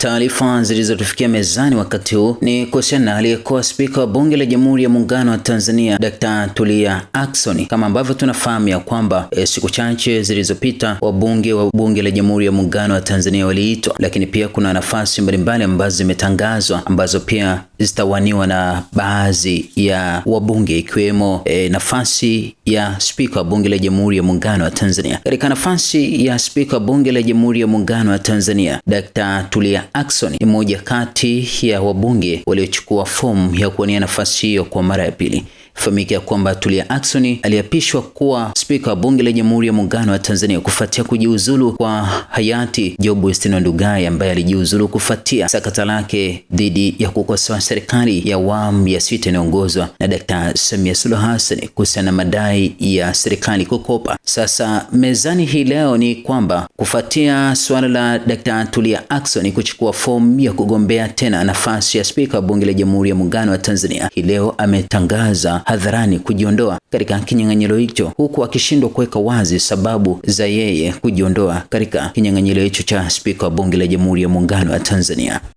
Taarifa zilizotufikia mezani wakati huu ni kuhusiana na aliyekuwa spika wa bunge la Jamhuri ya Muungano wa Tanzania Dr. Tulia Ackson. Kama ambavyo tunafahamu ya kwamba e, siku chache zilizopita wabunge wa bunge la Jamhuri ya Muungano wa Tanzania waliitwa, lakini pia kuna nafasi mbalimbali ambazo zimetangazwa ambazo pia zitawaniwa na baadhi ya wabunge ikiwemo e, nafasi ya spika wa bunge la Jamhuri ya Muungano wa Tanzania. Katika nafasi ya spika wa bunge la Jamhuri ya Muungano wa Tanzania, Dkt. Tulia Ackson ni mmoja kati ya wabunge waliochukua fomu ya kuwania nafasi hiyo kwa mara ya pili. Fahamike ya kwamba Tulia Ackson aliapishwa kuwa spika wa bunge la Jamhuri ya Muungano wa Tanzania kufuatia kujiuzulu kwa hayati Job Stino Ndugai ambaye alijiuzulu kufuatia sakata lake dhidi ya kukosoa serikali ya awamu ya sita inayoongozwa na Dkt. Samia Suluhu Hassan kuhusiana na madai ya serikali kukopa. Sasa mezani hii leo ni kwamba kufuatia suala la Dkt. Tulia Ackson kuchukua fomu ya kugombea tena nafasi ya spika wa bunge la Jamhuri ya Muungano wa Tanzania, hii leo ametangaza hadharani kujiondoa katika kinyang'anyiro hicho, huku akishindwa kuweka wazi sababu za yeye kujiondoa katika kinyang'anyiro hicho cha spika wa bunge la Jamhuri ya Muungano wa Tanzania.